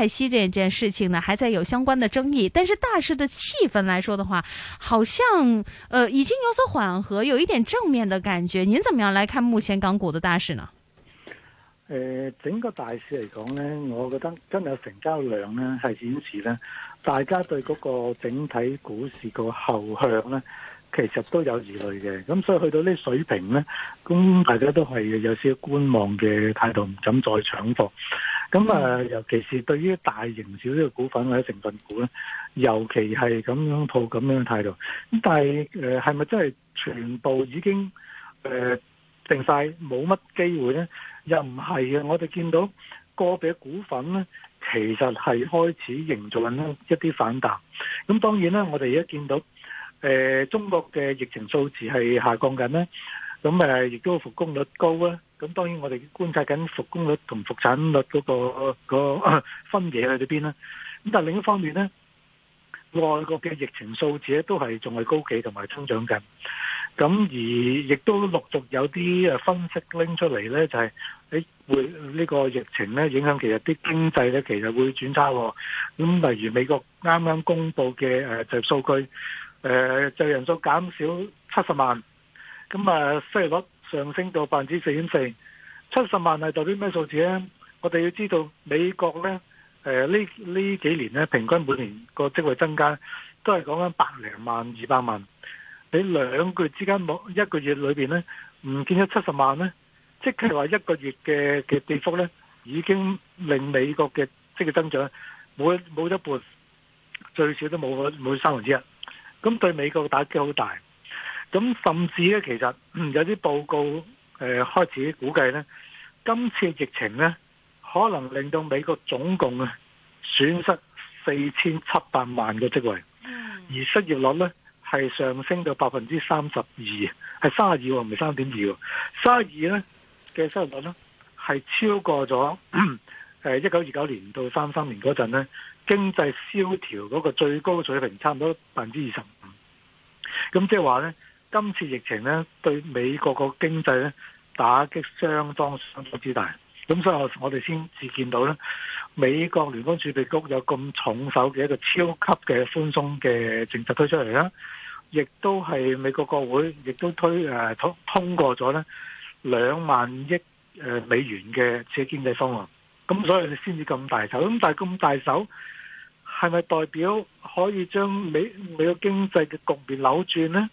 泰西這件事情呢，還在有相關的爭議，但是大市的氣氛來說的話，好像，呃，已經有所緩和，有一點正面的感覺。您怎麼樣來看目前港股的大市呢？呃，整個大市嚟講呢，我覺得今日成交量呢，係顯示呢大家對嗰個整體股市個後向呢，其實都有疑慮嘅，咁所以去到呢水平呢，咁大家都係有少少觀望嘅態度，唔敢再搶貨。咁啊，尤其是對於大型少啲嘅股份或者成分股咧，尤其係咁樣套咁樣態度。咁但係誒，係、呃、咪真係全部已經誒、呃、定晒冇乜機會咧？又唔係嘅，我哋見到個別股份咧，其實係開始營造緊一啲反彈。咁當然啦，我哋而家見到誒、呃、中國嘅疫情數字係下降緊咧，咁誒亦都復工率高啊！咁當然我哋觀察緊復工率同復產率嗰個個分野喺邊啦。咁但另一方面咧，外國嘅疫情數字咧都係仲係高企同埋增長緊。咁而亦都陸續有啲誒分析拎出嚟咧，就係喺會呢個疫情咧影響其實啲經濟咧，其實會轉差喎。咁例如美國啱啱公布嘅誒就業數據，誒就人數減少七十萬，咁啊失業率上升到百分之四點四，七十萬係代表咩數字呢？我哋要知道美國呢，誒呢呢幾年呢，平均每年個職位增加都係講緊百零萬二百萬。你兩個月之間冇一個月裏邊呢，唔見咗七十萬呢，即係話一個月嘅嘅跌幅呢，已經令美國嘅職位增長冇冇一半，最少都冇冇三分之一。咁對美國嘅打擊好大。咁甚至咧，其實有啲報告誒開始估計咧，今次疫情咧，可能令到美國總共咧損失四千七百萬個職位，而失業率咧係上升到百分之三十二，係三十二喎，唔係三點二喎，三十二咧嘅失業率咧係超過咗誒一九二九年到三三年嗰陣咧經濟蕭條嗰個最高水平差，差唔多百分之二十五，咁即係話咧。今次疫情呢，對美國個經濟呢，打擊相當相當之大，咁所以我哋先至見到呢，美國聯邦儲備局有咁重手嘅一個超級嘅寬鬆嘅政策推出嚟啦，亦都係美國國會亦都推誒通通過咗呢兩萬億誒美元嘅刺激經濟方案，咁所以你先至咁大手，咁但係咁大手係咪代表可以將美美國經濟嘅局面扭轉呢？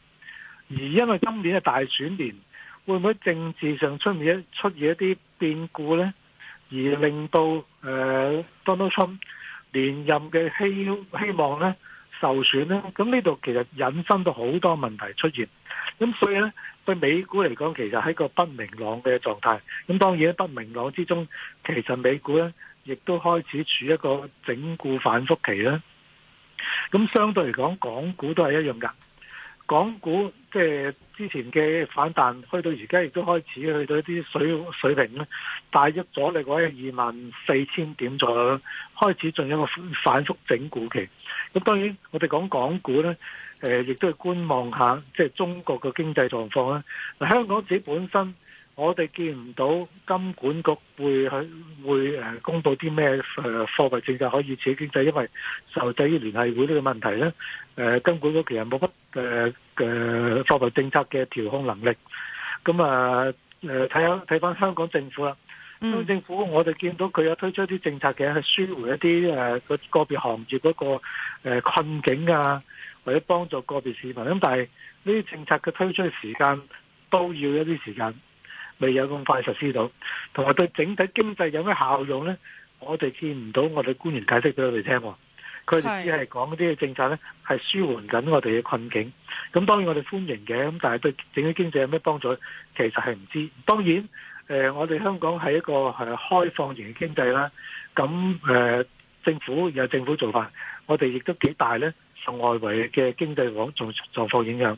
而因為今年嘅大選年，會唔會政治上出現出現一啲變故呢？而令到誒、呃、Donald Trump 連任嘅希希望呢，受損呢？咁呢度其實引申到好多問題出現。咁所以呢，對美股嚟講，其實係一個不明朗嘅狀態。咁當然不明朗之中，其實美股呢亦都開始處一個整固反覆期啦。咁相對嚟講，港股都係一樣噶。港股即係之前嘅反彈，去到而家亦都開始去到一啲水水平啦。大約阻力位二萬四千點左右啦，開始進入一個反覆整固期。咁當然我哋講港股咧，亦、呃、都係觀望下即係中國嘅經濟狀況啦。嗱，香港自己本身。我哋見唔到金管局會去會誒公布啲咩誒貨幣政策可以刺激經濟，因為受制於聯繫會呢個問題咧。誒金管局其實冇乜誒誒貨幣政策嘅調控能力。咁啊誒睇下睇翻香港政府啦。香港政府我哋見到佢有推出一啲政策嘅，係舒緩一啲誒個個別行業嗰個困境啊，或者幫助個別市民。咁但係呢啲政策嘅推出嘅時間都要一啲時間。未有咁快實施到，同埋對整體經濟有咩效用呢？我哋見唔到我哋官員解釋俾我哋聽，哦，佢哋只係講啲嘅政策呢，係舒緩緊我哋嘅困境。咁當然我哋歡迎嘅，咁但係對整體經濟有咩幫助，其實係唔知。當然，誒我哋香港係一個誒開放型嘅經濟啦。咁誒政府有政府做法，我哋亦都幾大呢，受外圍嘅經濟往狀狀況影響。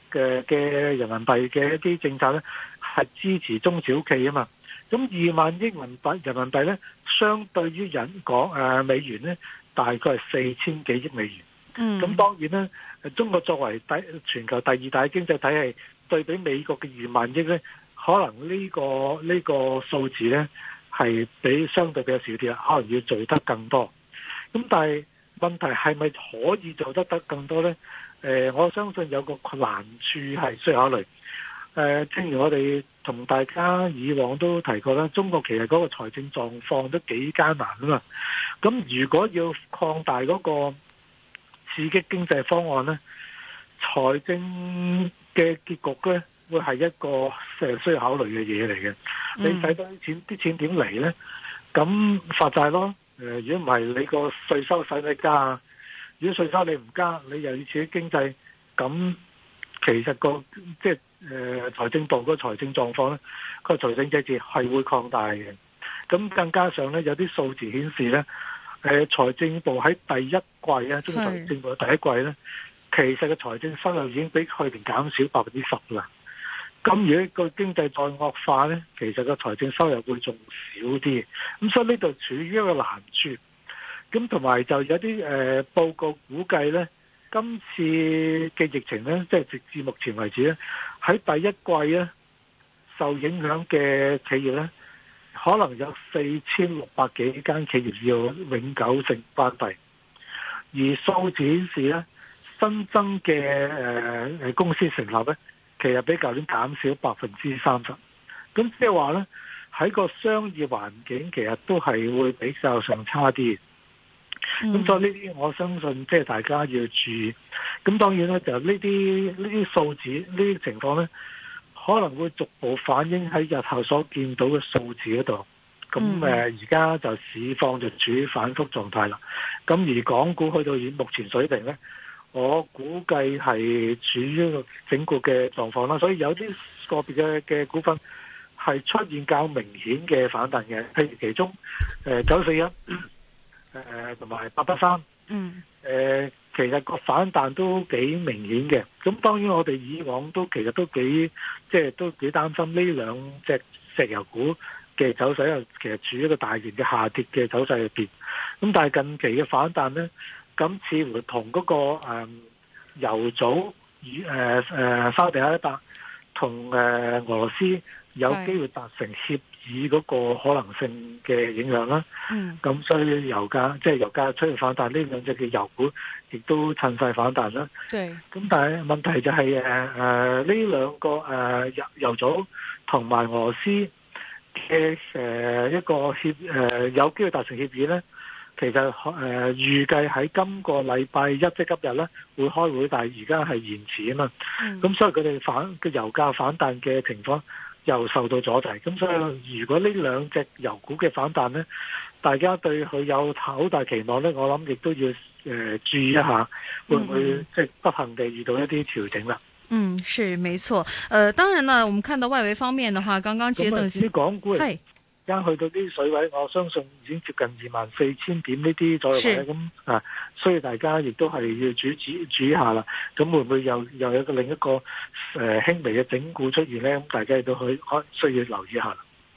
嘅嘅人民幣嘅一啲政策咧，係支持中小企啊嘛。咁二萬億人民幣，人民幣咧，相對於人講，誒美元咧，大概係四千幾億美元。嗯。咁當然咧，中國作為第全球第二大經濟體系，對比美國嘅二萬億咧，可能、這個這個、呢個呢個數字咧，係比相對比較少啲啊。可能要做得更多。咁但係問題，係咪可以做得得更多咧？誒、呃，我相信有個難處係需要考慮。誒、呃，正如我哋同大家以往都提過啦，中國其實嗰個財政狀況都幾艱難啊嘛。咁如果要擴大嗰個刺激經濟方案咧，財政嘅結局咧，會係一個誒需要考慮嘅嘢嚟嘅。你使多啲錢，啲錢點嚟咧？咁發債咯。誒、呃，如果唔係，你個稅收使唔使加啊？如果稅收你唔加，你又要刺激經濟，咁其實個即係誒財政部嗰個財政狀況咧，個財政赤字係會擴大嘅。咁更加上咧，有啲數字顯示咧，誒財政部喺第一季啊，中財政部嘅第一季咧，是其實個財政收入已經比去年減少百分之十啦。咁如果個經濟再惡化咧，其實個財政收入會仲少啲。咁所以呢度處於一個難處。咁同埋就有啲誒報告估計呢，今次嘅疫情呢，即係直至目前為止呢，喺第一季呢，受影響嘅企業呢，可能有四千六百幾間企業要永久性關閉。而數字顯示呢，新增嘅誒公司成立呢，其實比舊年減少百分之三十。咁即係話呢，喺個商業環境其實都係會比較上差啲。咁、嗯、所以呢啲，我相信即係大家要注意。咁當然啦，就這些這些這些呢啲呢啲數字呢啲情況咧，可能會逐步反映喺日後所見到嘅數字嗰度。咁誒、啊，而家就市況就處於反覆狀態啦。咁而港股去到現目前水平咧，我估計係處於一個整固嘅狀況啦。所以有啲個別嘅嘅股份係出現較明顯嘅反彈嘅，譬如其中誒九四一。呃誒同埋八八三，嗯，誒、呃、其實個反彈都幾明顯嘅。咁當然我哋以往都其實都幾，即、就、係、是、都幾擔心呢兩隻石油股嘅走勢又，又其實處於一個大型嘅下跌嘅走勢入邊。咁但係近期嘅反彈咧，咁似乎同嗰、那個油組與誒誒沙地阿拉伯同誒俄羅斯有機會達成協議嗰個可能性嘅影響啦，咁所以油價即係油價出現反彈，呢兩隻嘅油股亦都趁勢反彈啦。咁但係問題就係誒誒呢兩個誒油油組同埋俄羅斯嘅誒一個協誒有機會達成協議咧，其實誒預計喺今個禮拜一即係今日咧會開會，但係而家係延遲啊嘛。咁所以佢哋反嘅油價反彈嘅情況。又受到阻滯，咁所以如果呢兩隻油股嘅反彈呢，大家對佢有好大期望呢，我諗亦都要誒、呃、注意一下，會唔會即係、嗯、不幸地遇到一啲調整啦？嗯，是，冇錯。誒、呃，當然啦，我們看到外圍方面嘅話，剛剛其實係麼。西啱去到啲水位，我相信已經接近二萬四千點呢啲左右咧，咁啊是，所以大家亦都係要注意注意下啦。咁會唔會又又有個另一個誒、呃、輕微嘅整固出現咧？咁大家亦都去需要留意下。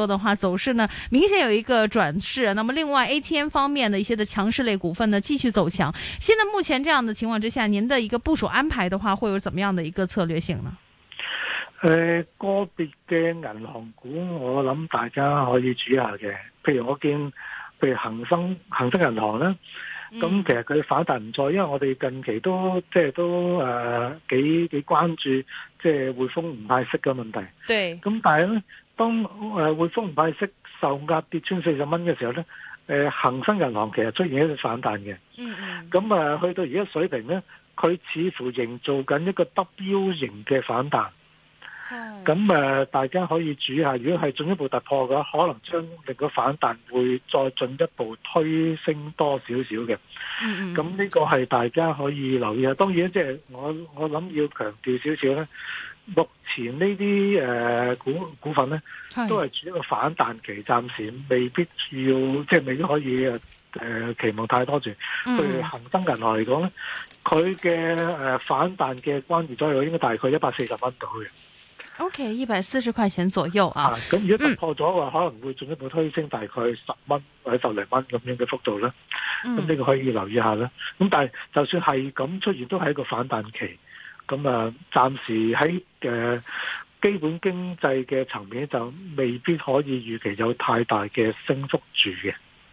多的話走勢呢，明顯有一個轉勢。那麼另外 ATM 方面的一些的強勢類股份呢，繼續走強。現在目前這樣的情況之下，您的一個部署安排的話，會有怎麼樣的一個策略性呢？呃、個別嘅銀行股，我諗大家可以注意下嘅。譬如我見，譬如恒生恒生銀行呢，咁、嗯、其實佢反彈唔錯，因為我哋近期都即係都誒、呃、幾幾關注，即係匯豐唔派息嘅問題。對，咁但係呢。當誒、呃、匯豐派息受壓跌穿四十蚊嘅時候咧，誒、呃、恒生銀行其實出現一個反彈嘅，咁啊、mm hmm. 去到而家水平咧，佢似乎營造緊一個 W 型嘅反彈，咁誒、mm hmm. 呃、大家可以注意一下，如果係進一步突破嘅話，可能將令個反彈會再進一步推升多少少嘅，咁呢、mm hmm. 個係大家可以留意啊。當然即係、就是、我我諗要強調少少咧。目前呢啲誒股股份咧，都係處一個反彈期，暫時未必要即係未必可以誒、呃、期望太多住。譬如恒生銀行嚟講咧，佢嘅誒反彈嘅關注位應該大概一百四十蚊到嘅。O K，一百四十塊錢左右啊。咁如果突破咗嘅話，嗯、可能會進一步推升大概十蚊或者十零蚊咁樣嘅幅度啦。咁呢、嗯、個可以留意一下啦。咁但係就算係咁出現，都係一個反彈期。咁啊，暫時喺誒、呃、基本經濟嘅層面就未必可以預期有太大嘅升幅住嘅。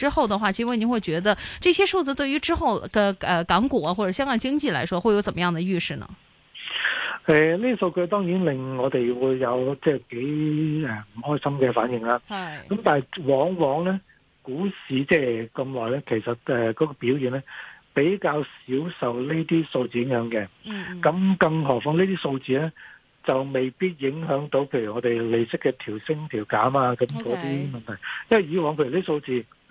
之後的話，請問你會覺得這些數字對於之後嘅誒、呃、港股或者香港經濟來說，會有怎麼樣的預示呢？誒、呃，呢個數據當然令我哋會有即係幾誒唔開心嘅反應啦。係是。咁但係往往呢，股市即係咁耐呢，其實誒、呃、嗰、那個表現呢比較少受呢啲數字影響嘅。咁、嗯、更何況呢啲數字呢，就未必影響到譬如我哋利息嘅調升調減啊，咁嗰啲問題。Okay. 因為以往譬如呢啲數字。誒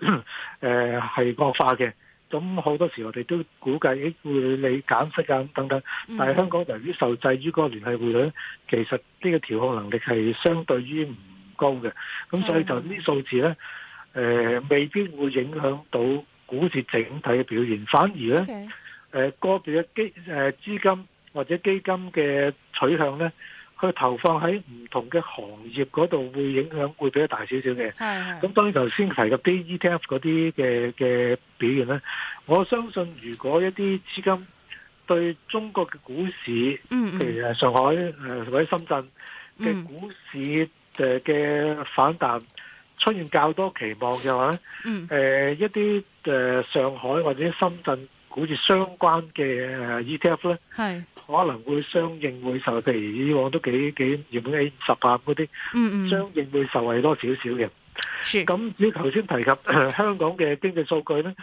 係 惡化嘅，咁好多時候我哋都估計會你減息啊等等，但係香港由於受制於個聯繫匯率，其實呢個調控能力係相對於唔高嘅，咁所以就呢啲數字呢，誒、呃、未必會影響到股市整體嘅表現，反而呢，誒個別嘅基誒資金或者基金嘅取向呢。佢投放喺唔同嘅行業嗰度，會影響會比較大少少嘅。咁的當然頭先提嘅啲 ETF 嗰啲嘅嘅表現咧，我相信如果一啲資金對中國嘅股市，譬、嗯嗯、如上海誒、呃、或者深圳嘅股市嘅嘅反彈、嗯、出現較多期望嘅話咧，誒、嗯呃、一啲誒上海或者深圳股市相關嘅 ETF 咧，係。可能會相應會受，譬如以往都幾幾原本幾十萬嗰啲，嗯嗯，相應會受惠多少少嘅。咁你頭先提及香港嘅經濟數據咧，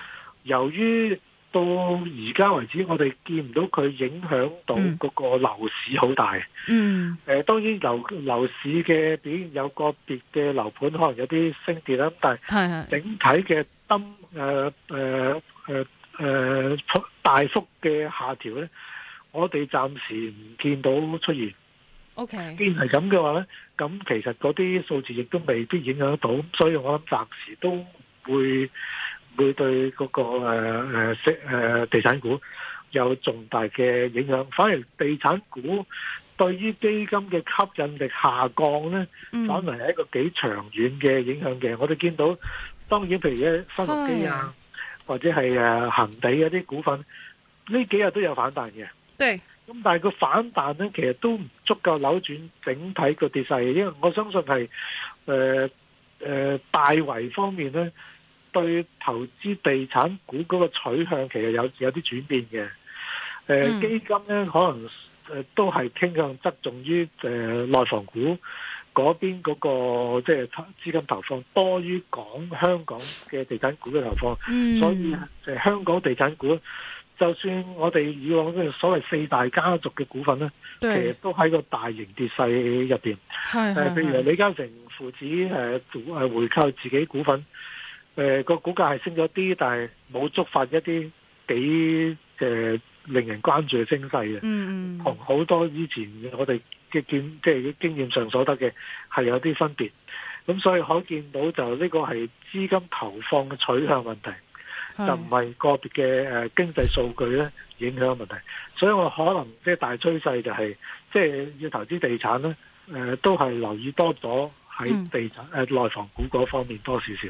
由於到而家為止，我哋見唔到佢影響到嗰個樓市好大。嗯嗯。誒當然樓樓市嘅表現有個別嘅樓盤可能有啲升跌啦，但係整體嘅登誒誒誒誒大幅嘅下調咧。我哋暫時唔見到出現。O K，既然係咁嘅話咧，咁其實嗰啲數字亦都未必影響得到，所以我諗暫時都唔會會對嗰個誒誒息誒地產股有重大嘅影響。反而地產股對於基金嘅吸引力下降咧，反而係一個幾長遠嘅影響嘅。我哋見到當然，譬如一新鴻基啊，或者係誒恆地嗰啲股份，呢幾日都有反彈嘅。對，咁但係個反彈咧，其實都唔足夠扭轉整體個跌勢，因為我相信係誒誒大圍方面咧，對投資地產股嗰個取向其實有有啲轉變嘅。誒、呃，基金咧可能誒都係傾向側重於誒內房股嗰邊嗰個即係資金投放多於講香港嘅地產股嘅投放，嗯、所以誒香港地產股。就算我哋以往嘅所謂四大家族嘅股份咧，對其實都喺個大型跌勢入面。誒，譬如李嘉誠父子的回購自己股份，個、呃、股價係升咗啲，但係冇觸發一啲幾誒令人關注嘅升勢嘅。嗯嗯。同好多以前我哋嘅見即係經驗上所得嘅係有啲分別。咁所以可以見到就呢個係資金投放嘅取向問題。是就唔係個別嘅誒經濟數據咧影響問題，所以我可能即係大趨勢就係即係要投資地產咧，誒、呃、都係留意多咗喺地產誒、嗯、內房股嗰方面多少少。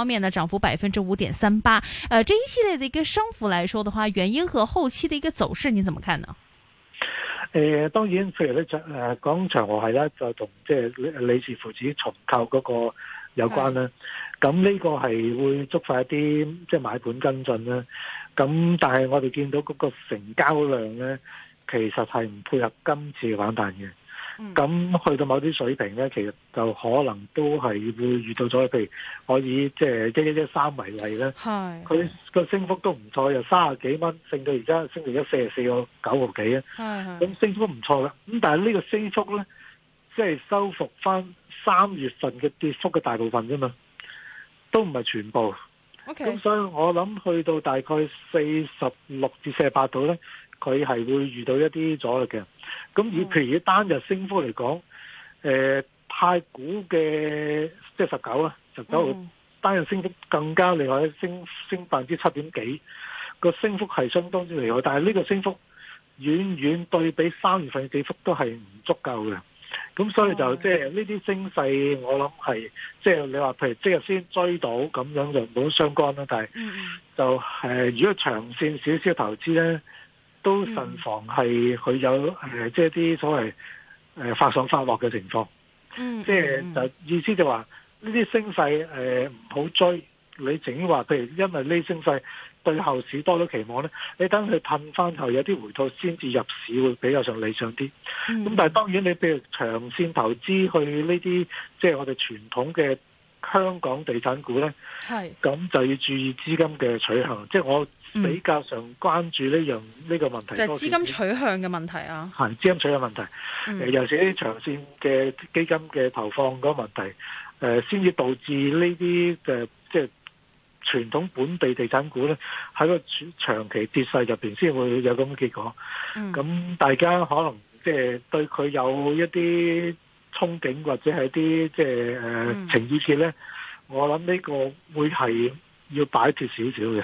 方面呢，漲幅百分之五點三八，誒、呃，這一系列的一個升幅來說的話，原因和後期的一個走勢，你怎麼看呢？誒、呃，當然，譬如咧、呃，就誒，長和係咧就同即係李氏父子重購嗰個有關啦，咁呢的個係會觸發一啲即係買盤跟進啦，咁但係我哋見到嗰個成交量咧，其實係唔配合今次嘅反彈嘅。咁、嗯、去到某啲水平咧，其實就可能都係會遇到咗，譬如我以即係一一一三為例咧，佢個係升幅都唔錯，由三十幾蚊升到而家升到四十四個九毫幾啊，咁係升幅唔錯啦。咁但係呢個升幅咧，即係收復翻三月份嘅跌幅嘅大部分啫嘛，都唔係全部。咁 Okay. 所以我諗去到大概四十六至四十八度咧。佢係會遇到一啲阻力嘅，咁以譬如單日升幅嚟講，誒、mm. 呃、太古嘅即係十九啦，十九 mm. 單日升幅更加厲害，升升百分之七點幾，個升幅係相當之厲害，但係呢個升幅遠遠對比三月份嘅跌幅都係唔足夠嘅，咁所以就即係呢啲升勢，我諗係即係你話譬如即日先追到咁樣就冇相關啦，mm. 但係就、呃、如果長線少少投資咧。都慎防係佢有誒，即係啲所謂誒、呃、發上發落嘅情況、嗯。嗯，即係就，是、就意思就話呢啲升勢誒唔好追。你整話，譬如因為呢升勢對後市多咗期望咧，你等佢噴翻後有啲回吐先至入市會比較上理想啲。咁、嗯、但係當然你譬如長線投資去呢啲即係我哋傳統嘅香港地產股咧，係咁是就要注意資金嘅取向。即、就、係、是、我。嗯、比較上關注呢樣呢個問題，就係資金取向嘅問題啊。係資金取向問題、嗯呃，尤其是啲長線嘅基金嘅投放個問題、誒、呃，先至導致呢啲嘅即係傳統本地地產股咧喺個長期跌勢入邊先會有咁嘅結果。咁、嗯、大家可能即係、呃、對佢有一啲憧憬或者係啲即係誒情意結咧，我諗呢個會係要擺脫少少嘅。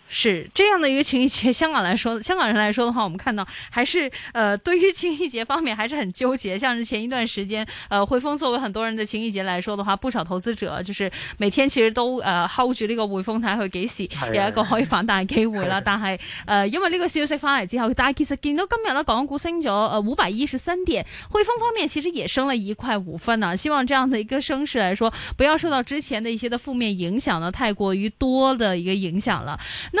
是這樣的一個情人節，香港來說，香港人來說的話，我們看到還是呃，對於情人節方面還是很糾結。像是前一段時間，呃，匯豐作為很多人的情人節來說的話，不少投資者就是每天其實都呃 hold 住這個匯豐，睇佢幾時有一個可以反彈機會㗎，但係呃，因為呢個消息翻嚟之後，大家其實見到今日咧港股升咗呃五百一十三點，匯豐方面其實也升了一塊五分啊。希望這樣的一個升勢來說，不要受到之前的一些的負面影響呢太過於多的一個影響了。那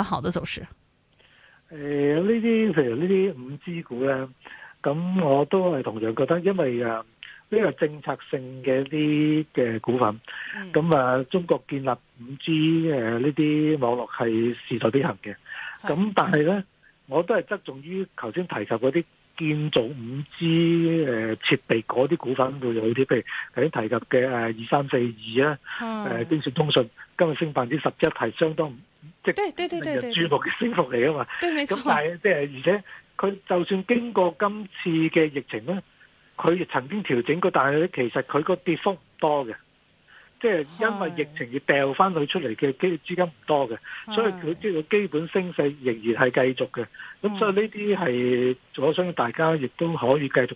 好的走勢，誒、嗯，呢啲譬如呢啲五 G 股咧、啊，咁我都係同樣覺得，因為啊，呢個政策性嘅一啲嘅股份，咁啊，中國建立五 G 誒呢啲網絡係事在必行嘅，咁的但係咧，我都係側重於頭先提及嗰啲建造五 G 誒設備嗰啲股份會好啲，譬如頭先提及嘅誒二三四二啦，誒、嗯，京信通訊今日升百分之十一，係相當。即係對對對住屋嘅升幅嚟啊嘛，咁但係即係而且佢就算經過今次嘅疫情咧，佢亦曾經調整過，但係咧，其實佢個跌幅唔多嘅，即係因為疫情要掉翻佢出嚟嘅基資金唔多嘅，所以佢知道基本升勢仍然係繼續嘅，咁所以呢啲係我相信大家亦都可以繼續。